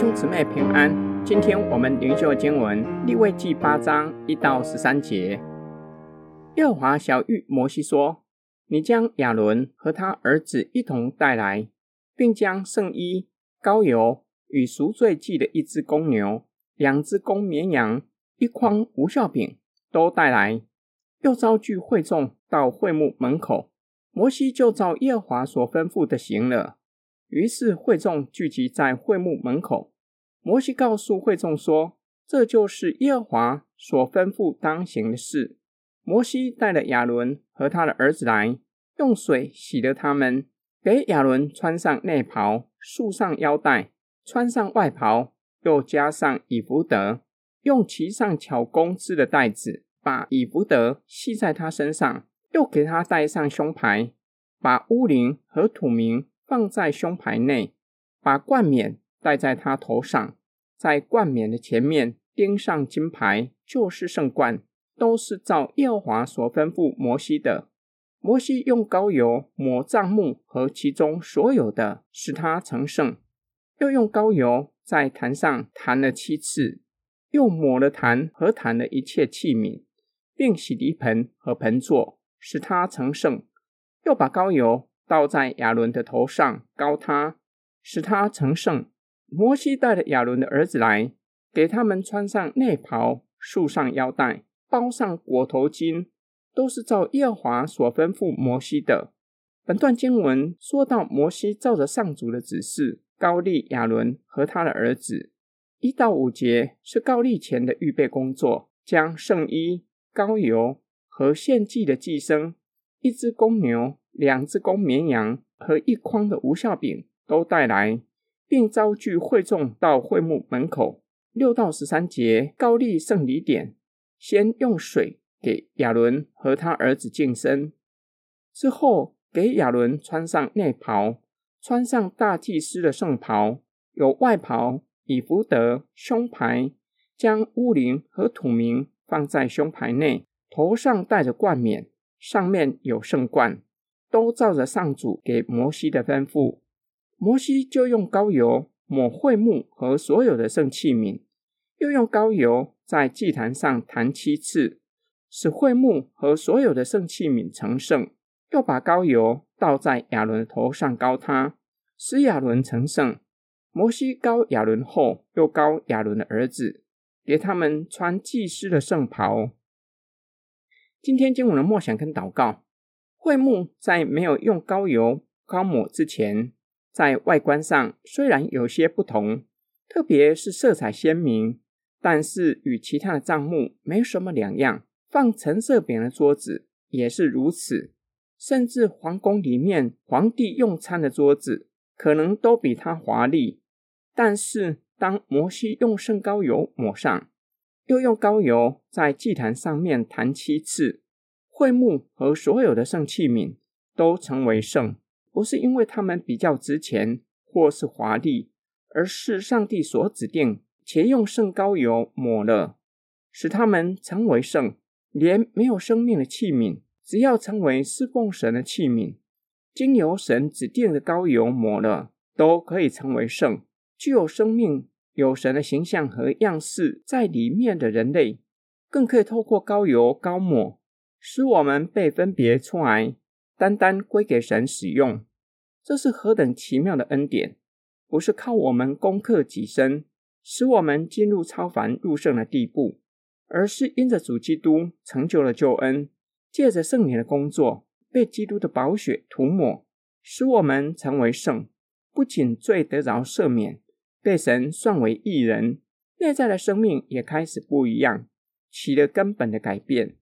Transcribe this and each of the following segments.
兄姊妹平安，今天我們靈修經文《利未記》八章一到十三節。耶和華曉諭摩西說：“你將亞倫和他兒子一同帶來，並將聖衣、膏油與贖罪祭的一隻公牛、兩隻公綿羊、一筐無酵餅都帶來。”又招聚會眾到會幕門口，摩西就照耶和華所吩咐的行了。於是會眾聚集在會幕門口。摩西告訴會眾說：“這就是耶和華所吩咐當行的事。”摩西帶了亞倫和他的兒子來，用水洗了他們，給亞倫穿上內袍，束上腰帶，穿上外袍，又加上以弗得，用其上巧工織的帶子把以弗得繫在他身上，又給他戴上胸牌，把烏陵和土明放在胸牌內，把冠冕戴在他頭上。在冠冕的前面釘上金牌，就是聖冠，都是照耶和華所吩咐摩西的。摩西用膏油抹帳幕，和其中所有的，使他成聖；又用膏油在壇上彈了七次，又抹了壇和壇的一切器皿，並洗濯盆和盆座，使他成聖；又把膏油倒在亞倫的頭上，膏他，使他成聖。摩西帶着亞倫的兒子來，給他們穿上內袍，束上腰帶，包上裹頭巾，都是照耶和華所吩咐摩西的。本段經文說到摩西照着上主的指示，膏立亞倫和他的兒子。一到五節是膏立前的預備工作，將聖衣、膏油和獻祭的祭牲，一隻公牛、兩隻公綿羊和一筐的無酵餅——都帶來。並招聚會眾到會幕門口。六到十三節，膏立聖禮典：先用水給亞倫和他兒子淨身，之後給亞倫穿上內袍，穿上大祭司的聖袍，有外袍、以弗得、胸牌，將烏陵和土明放在胸牌內，頭上戴着冠冕，上面有聖冠，都照着上主給摩西的吩咐。摩西就用膏油抹會幕和所有的聖器皿，又用膏油在祭壇上彈七次，使會幕和所有的聖器皿成聖。又把膏油倒在亞倫的頭上膏他，使亞倫成聖。摩西膏亞倫後，又膏亞倫的兒子，給他們穿祭司的聖袍。今天經文的默想跟禱告，會幕在沒有用膏油膏抹之前。在外觀上雖然有些不同，特別是色彩鮮明，但是與其他的帳幕沒什麼兩樣。放陳設餅的桌子也是如此，甚至皇宮裡面皇帝用餐的桌子可能都比它華麗。但是，當摩西用聖膏油抹上，又用膏油在祭壇上面彈七次，會幕和所有的聖器皿都成為聖。不是因為他們比較值錢或是華麗，而是上帝所指定，且用聖膏油抹了，使他們成為聖。連沒有生命的器皿，只要成為事奉神的器皿，經由神指定的膏油抹了，都可以成為聖。具有生命、有神的形象和樣式在裡面的人類，更可以透過膏油膏抹，使我們被分別出來，單單歸給神使用。這是何等奇妙的恩典！不是靠我們攻克己身，使我們進入超凡入聖的地步，而是因着主基督成就了救恩，借着聖靈的工作，被基督的寶血塗抹，使我們成為聖，不僅罪得著赦免，被神算為義人，內在的生命也開始不一樣，起了根本的改變，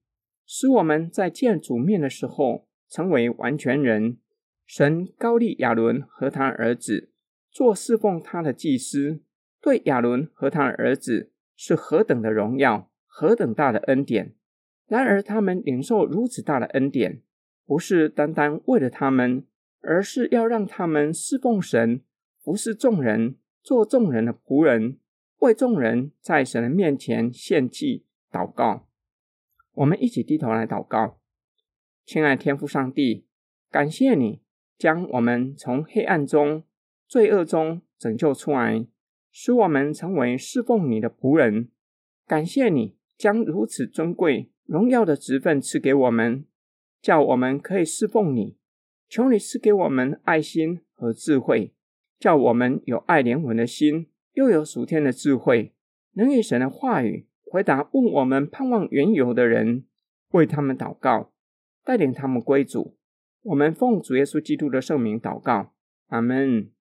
使我們在見主面的時候成為完全人。神膏立亞倫和他兒子做侍奉他的祭司，對亞倫和他兒子是何等的榮耀，何等大的恩典。然而，他們領受如此大的恩典，不是單單為了他們，而是要讓他們侍奉神，服侍眾人，做眾人的僕人，為眾人在神的面前獻祭禱告。我們一起低頭來禱告，親愛天父上帝，感謝你。將我們從黑暗中、罪惡中拯救出來，使我們成為侍奉你的僕人。感謝你將如此尊貴、榮耀的職份賜給我們，叫我們可以侍奉你。求你賜給我們愛心和智慧，叫我們有愛靈魂的心，又有屬天的智慧，能以神的話語回答問我們盼望緣由的人，為他們禱告，帶領他們歸主。我們奉主耶穌基督的聖名禱告，阿門。